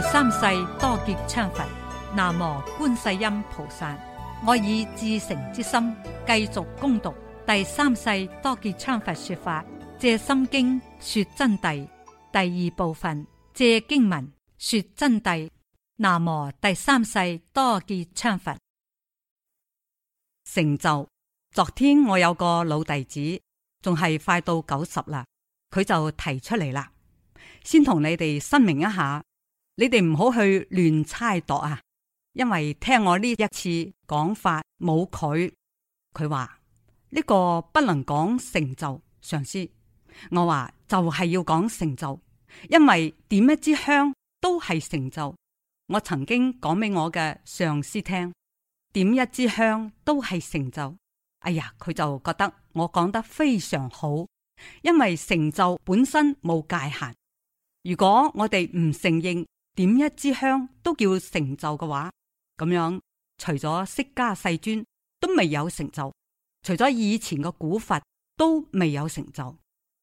第三世多杰羌佛，南無觀世音菩薩。我以至誠之心繼續攻讀第三世多杰羌佛說法，藉心經說真諦第二部分，藉經文說真諦。南無第三世多杰羌佛成就。昨天我有個老弟子，仲係快到九十啦，佢就提出嚟啦，先同你哋申明一下。你哋唔好去亂猜度啊，因為聽我呢一次講法冇佢，佢話呢個不能講成就，上司。我話就係要講成就，因為點一支香都係成就。我曾經講俾我嘅上司聽，點一支香都係成就。哎呀，佢就覺得我講得非常好，因為成就本身冇界限。如果我哋唔承認，點一支香都叫成就嘅話，咁樣除咗釋迦世尊都未有成就，除咗以前嘅古佛都未有成就，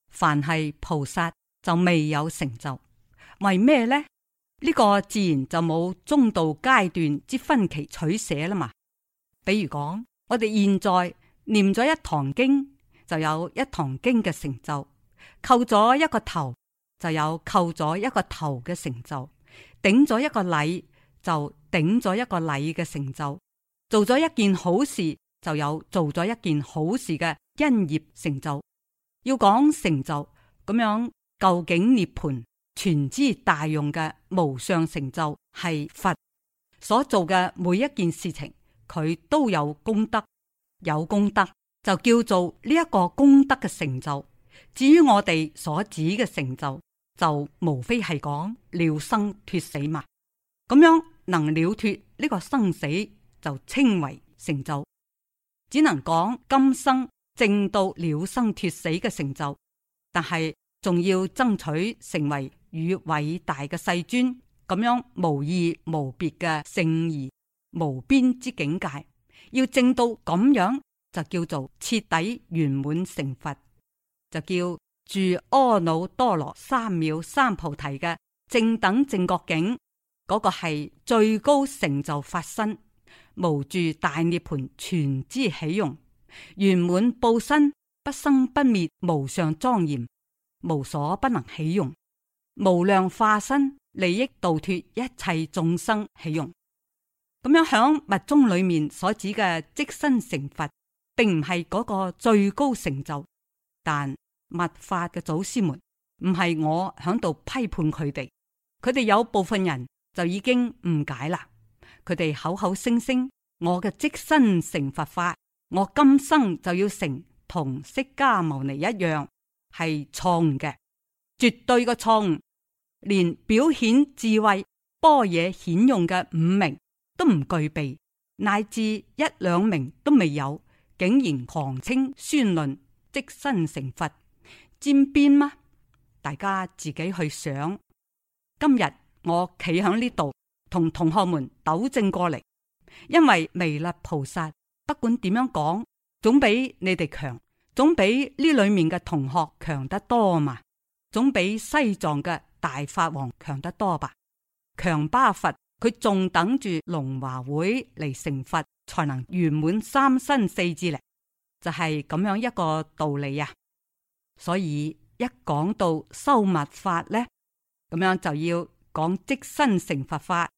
凡係菩薩就未有成就。為咩呢？呢個自然就冇中道階段之分歧取捨啦嘛。比如講，我哋現在念咗一堂經，就有一堂經嘅成就；扣咗一個頭，就有扣咗一個頭嘅成就。頂咗一個禮就頂咗一個禮嘅成就，做咗一件好事就有做咗一件好事嘅恩業成就。要講成就咁樣究竟涅槃全知大用嘅無上成就，係佛所做嘅每一件事情，佢都有功德，有功德就叫做呢一個功德嘅成就。至於我哋所指嘅成就。就無非係講了生脫死嘛，咁樣能了脫呢個生死，就稱為成就。只能講今生證到了生脫死嘅成就，但係仲要爭取成為與偉大嘅世尊咁樣無二無別嘅聖義無邊之境界，要證到咁樣，就叫做徹底圓滿成佛，就叫住阿耨多羅三藐三菩提嘅正等正覺境，嗰、嗰個係最高成就法身，無住大涅盤全之起用，圓滿報身不生不滅，無上莊嚴，無所不能起用，無量化身利益度脱一切眾生起用。咁樣響密宗裏面所指嘅即身成佛，並唔係嗰個最高成就，但。密法嘅祖師們，唔係我響度批判佢哋，佢哋有部分人就已經誤解啦。佢哋口口聲聲，我嘅即身成佛法，我今生就要成同釋迦牟尼一樣，係錯誤嘅，絕對嘅錯誤，連表顯智慧般若顯用嘅五明都唔具備，乃至一兩名都未有，竟然狂稱宣論即身成佛。尖邊嗎？大家自己去想。今日我企喺呢度，同同學們糾正過嚟，因為彌勒菩薩不管點樣講，總比你哋強，總比呢裏面嘅同學強得多嘛，總比西藏嘅大法王強得多吧。強巴佛佢仲等住龍華會嚟成佛，才能圓滿三身四智力，就係、是、咁樣一個道理呀。所以一講到修密法咧，咁樣就要講即身成佛法。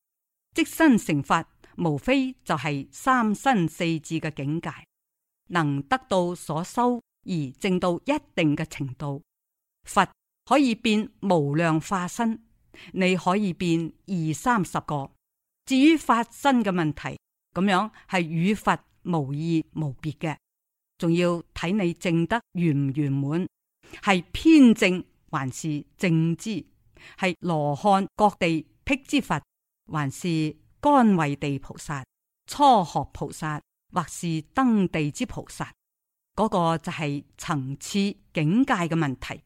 即身成佛，無非就係三身四智嘅境界，能得到所修而證到一定嘅程度，佛可以變無量化身，你可以變二三十個。至於法身嘅問題，咁樣係與佛無異無別嘅，仲要睇你證得圓唔圓滿。係偏正還是正知？係羅漢各地辟支佛，還是乾慧地菩薩初學菩薩，或是登地之菩薩？嗰、那個就係層次境界嘅問題。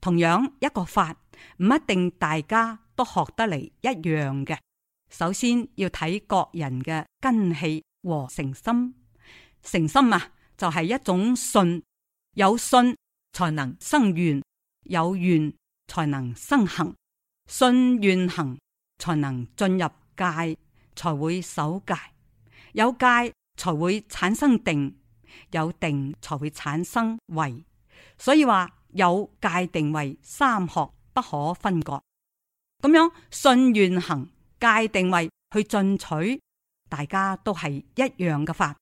同樣一個法，唔一定大家都學得嚟一樣嘅。首先要睇各人嘅根器和誠心，誠心啊，就係、是、一種信，有信。才能生願，有願才能生行，信願行才能進入戒，才會守戒；有戒才會產生定，有定才會產生慧。所以話有戒定慧三學不可分割。咁樣信願行戒定慧去進取，大家都係一樣嘅法，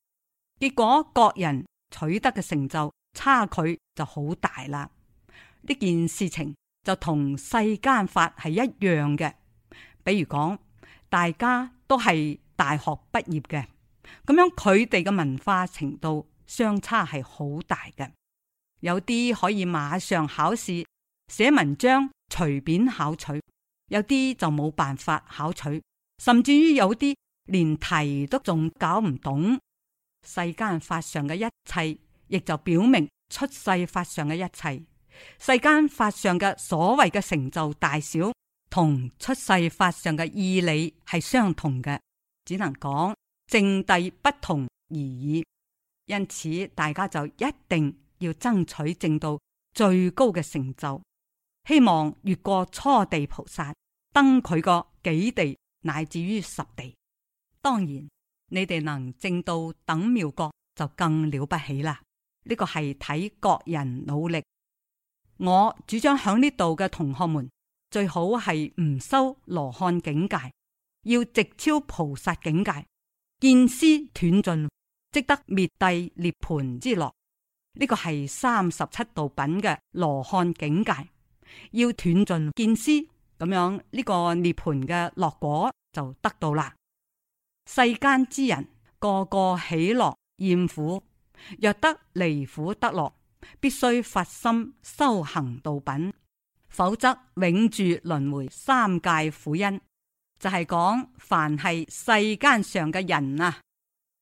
結果各人取得嘅成就。差距就好大啦！呢件事情就同世間法係一樣嘅，比如講，大家都係大學畢業嘅，咁樣佢哋嘅文化程度相差係好大嘅。有啲可以馬上考試寫文章，隨便考取；有啲就冇辦法考取，甚至於有啲連題都仲搞唔懂。世間法上嘅一切。亦就表明出世法上嘅一切，世間法上嘅所謂嘅成就大小，同出世法上嘅義理係相同嘅，只能講證地不同而已。因此，大家就一定要爭取證到最高嘅成就，希望越過初地菩薩，登佢嘅幾地乃至於十地。當然，你哋能證到等妙國，就更了不起啦。呢個係睇各人努力。我主張響呢度嘅同學們最好係唔修羅漢境界，要直超菩薩境界，見思斷盡，即得滅諦涅槃之樂。呢、這個係三十七道品嘅羅漢境界，要斷盡見思，咁樣呢個涅槃嘅樂果就得到啦。世間之人個個喜樂厭苦。若得離苦得樂，必須發心修行道品，否則永住輪回三界苦因。就係講凡係世間上嘅人啊，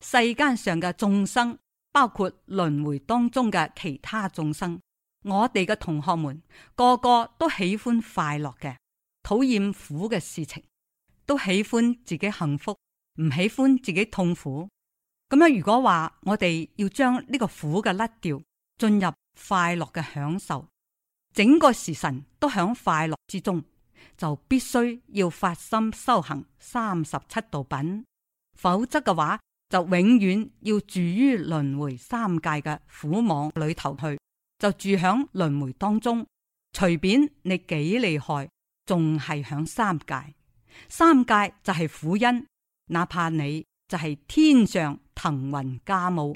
世間上嘅眾生，包括輪回當中嘅其他眾生，我哋嘅同學們個個都喜歡快樂嘅，討厭苦嘅事情，都喜歡自己幸福，唔喜歡自己痛苦。咁樣，如果話我哋要將呢個苦嘅甩掉，進入快樂嘅享受，整個時辰都喺快樂之中，就必須要發心修行三十七道品，否則嘅話就永遠要住於輪回三界嘅苦網裏頭去，就住喺輪回當中。隨便你幾厲害，仲係喺三界，三界就係苦因，哪怕你就係天上。騰雲駕霧，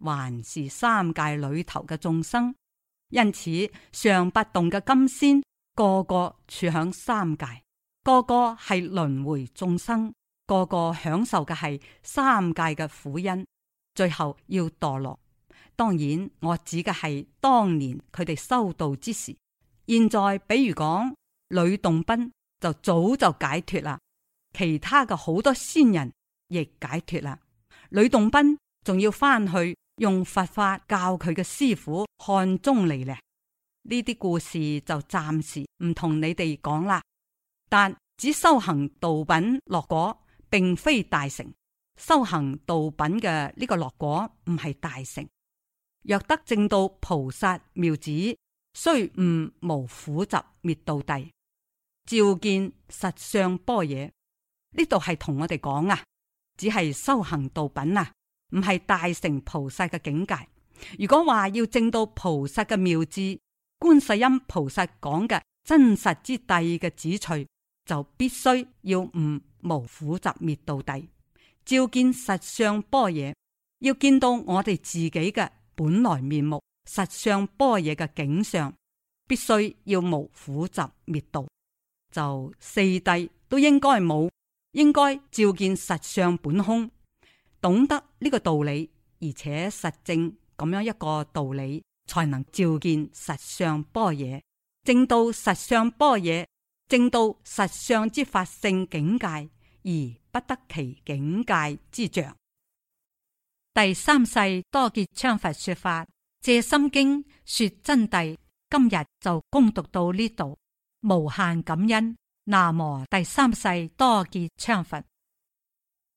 還是三界裏頭嘅眾生。因此，上八洞嘅金仙，個個處響三界，個個係輪回眾生，個個享受嘅係三界嘅苦因，最後要墮落。當然，我指嘅係當年佢哋修道之時。現在，比如講呂洞賓就早就解脫啦，其他嘅好多仙人亦解脫啦。呂洞賓仲要翻去用佛法教佢嘅師傅漢中嚟呢。呢啲故事就暫時唔同你哋講啦。但只修行道品落果，並非大成。修行道品嘅呢個落果唔係大成。若得正道菩薩妙子，雖悟無苦集滅道諦，照見實相般若。呢度係同我哋講啊。只係修行道品啊，唔係大乘菩薩嘅境界。如果話要證到菩薩嘅妙智，觀世音菩薩講嘅真實之諦嘅旨趣，就必須要唔無苦集滅到底，照見實相般若，要見到我哋自己嘅本來面目，實相般若嘅景象，必須要無苦集滅道，就四諦都應該冇。應該照見實相本空，懂得呢個道理，而且實證咁樣一個道理，才能照見實相般若，證到實相般若，證到實相之法性境界，而不得其境界之象。第三世多杰羌佛說法《藉心經》說真諦，今日就攻讀到呢度，無限感恩。南無第三世多杰羌佛。